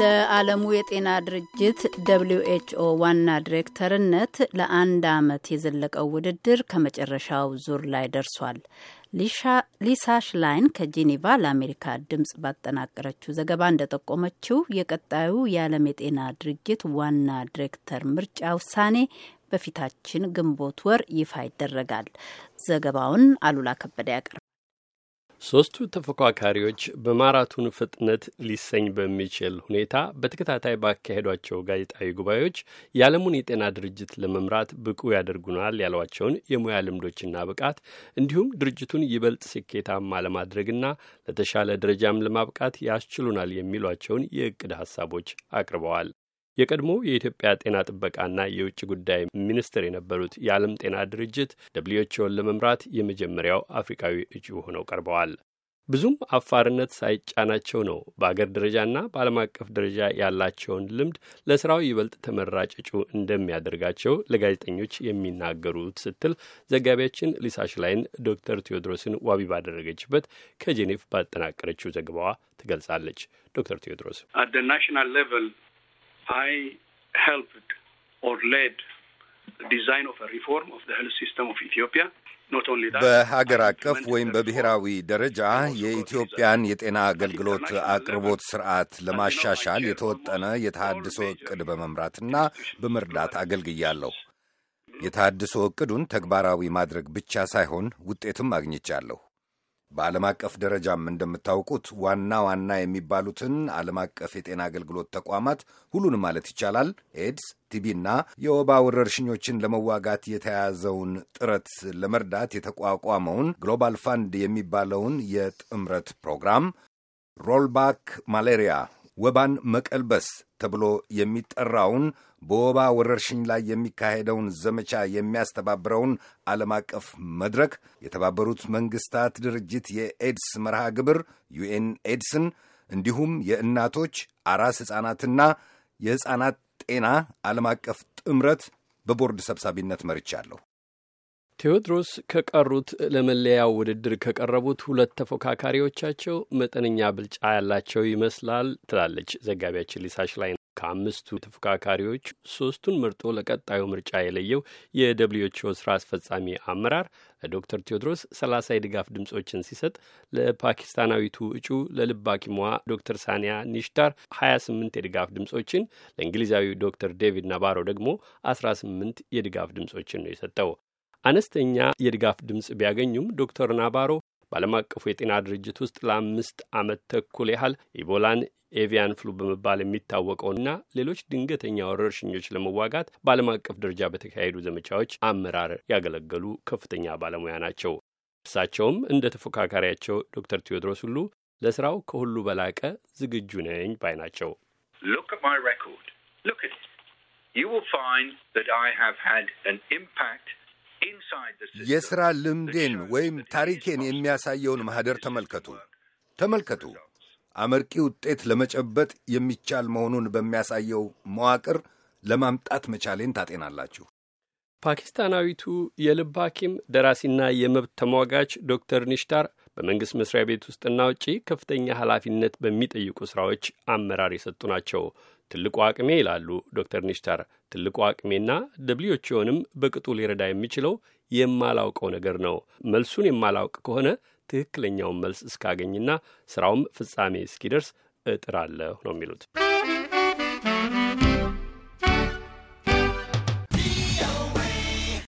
ለዓለሙ የጤና ድርጅት ደብሊው ኤችኦ ዋና ዲሬክተርነት ለአንድ ዓመት የዘለቀው ውድድር ከመጨረሻው ዙር ላይ ደርሷል። ሊሳ ሽላይን ከጄኔቫ ለአሜሪካ ድምፅ ባጠናቀረችው ዘገባ እንደጠቆመችው የቀጣዩ የዓለም የጤና ድርጅት ዋና ዲሬክተር ምርጫ ውሳኔ በፊታችን ግንቦት ወር ይፋ ይደረጋል። ዘገባውን አሉላ ከበደ ያቀርባል። ሦስቱ ተፎካካሪዎች በማራቱን ፍጥነት ሊሰኝ በሚችል ሁኔታ በተከታታይ ባካሄዷቸው ጋዜጣዊ ጉባኤዎች የዓለሙን የጤና ድርጅት ለመምራት ብቁ ያደርጉናል ያሏቸውን የሙያ ልምዶችና ብቃት እንዲሁም ድርጅቱን ይበልጥ ስኬታማ ለማድረግና ለተሻለ ደረጃም ለማብቃት ያስችሉናል የሚሏቸውን የእቅድ ሀሳቦች አቅርበዋል። የቀድሞ የኢትዮጵያ ጤና ጥበቃና የውጭ ጉዳይ ሚኒስትር የነበሩት የዓለም ጤና ድርጅት ደብሊውኤችኦን ለመምራት የመጀመሪያው አፍሪካዊ እጩ ሆነው ቀርበዋል። ብዙም አፋርነት ሳይጫናቸው ነው በአገር ደረጃና በዓለም አቀፍ ደረጃ ያላቸውን ልምድ ለስራው ይበልጥ ተመራጭ እጩ እንደሚያደርጋቸው ለጋዜጠኞች የሚናገሩት ስትል ዘጋቢያችን ሊሳሽ ላይን ዶክተር ቴዎድሮስን ዋቢ ባደረገችበት ከጄኔቭ ባጠናቀረችው ዘገባዋ ትገልጻለች። ዶክተር ቴዎድሮስ ናሽናል ሌቨል I helped or led the design of a reform of the health system of Ethiopia. በሀገር አቀፍ ወይም በብሔራዊ ደረጃ የኢትዮጵያን የጤና አገልግሎት አቅርቦት ስርዓት ለማሻሻል የተወጠነ የተሃድሶ እቅድ በመምራትና በመርዳት አገልግያለሁ። የተሃድሶ እቅዱን ተግባራዊ ማድረግ ብቻ ሳይሆን ውጤትም አግኝቻለሁ። በዓለም አቀፍ ደረጃም እንደምታውቁት ዋና ዋና የሚባሉትን ዓለም አቀፍ የጤና አገልግሎት ተቋማት ሁሉንም ማለት ይቻላል ኤድስ፣ ቲቢና የወባ ወረርሽኞችን ለመዋጋት የተያዘውን ጥረት ለመርዳት የተቋቋመውን ግሎባል ፋንድ የሚባለውን የጥምረት ፕሮግራም ሮልባክ ማሌሪያ ወባን መቀልበስ ተብሎ የሚጠራውን በወባ ወረርሽኝ ላይ የሚካሄደውን ዘመቻ የሚያስተባብረውን ዓለም አቀፍ መድረክ፣ የተባበሩት መንግሥታት ድርጅት የኤድስ መርሃ ግብር ዩኤን ኤድስን፣ እንዲሁም የእናቶች አራስ ሕፃናትና የሕፃናት ጤና ዓለም አቀፍ ጥምረት በቦርድ ሰብሳቢነት መርቻለሁ። ቴዎድሮስ ከቀሩት ለመለያው ውድድር ከቀረቡት ሁለት ተፎካካሪዎቻቸው መጠነኛ ብልጫ ያላቸው ይመስላል ትላለች ዘጋቢያችን ሊሳሽ ላይ ከአምስቱ ተፎካካሪዎች ሶስቱን መርጦ ለቀጣዩ ምርጫ የለየው የደብሊውኤችኦ ስራ አስፈጻሚ አመራር ለዶክተር ቴዎድሮስ ሰላሳ የድጋፍ ድምጾችን ሲሰጥ ለፓኪስታናዊቱ እጩ ለልብ ሐኪሟ ዶክተር ሳኒያ ኒሽታር 28 የድጋፍ ድምጾችን፣ ለእንግሊዛዊ ዶክተር ዴቪድ ናባሮ ደግሞ 18 የድጋፍ ድምጾችን ነው የሰጠው። አነስተኛ የድጋፍ ድምፅ ቢያገኙም ዶክተር ናባሮ በዓለም አቀፉ የጤና ድርጅት ውስጥ ለአምስት ዓመት ተኩል ያህል ኢቦላን ኤቪያን ፍሉ በመባል የሚታወቀውና ሌሎች ድንገተኛ ወረርሽኞች ለመዋጋት በዓለም አቀፍ ደረጃ በተካሄዱ ዘመቻዎች አመራር ያገለገሉ ከፍተኛ ባለሙያ ናቸው። እርሳቸውም እንደ ተፎካካሪያቸው ዶክተር ቴዎድሮስ ሁሉ ለስራው ከሁሉ በላቀ ዝግጁ ነኝ ባይ ናቸው። ኢምፓክት የሥራ ልምዴን ወይም ታሪኬን የሚያሳየውን ማኅደር ተመልከቱ ተመልከቱ። አመርቂ ውጤት ለመጨበጥ የሚቻል መሆኑን በሚያሳየው መዋቅር ለማምጣት መቻሌን ታጤናላችሁ። ፓኪስታናዊቱ የልብ ሐኪም ደራሲና የመብት ተሟጋች ዶክተር ኒሽታር በመንግሥት መስሪያ ቤት ውስጥና ውጪ ከፍተኛ ኃላፊነት በሚጠይቁ ሥራዎች አመራር የሰጡ ናቸው። ትልቁ አቅሜ ይላሉ ዶክተር ኒሽታር ትልቁ አቅሜና ደብሊዎችንም በቅጡ ሊረዳ የሚችለው የማላውቀው ነገር ነው። መልሱን የማላውቅ ከሆነ ትክክለኛውን መልስ እስካገኝና ስራውም ፍጻሜ እስኪደርስ እጥራለሁ ነው የሚሉት።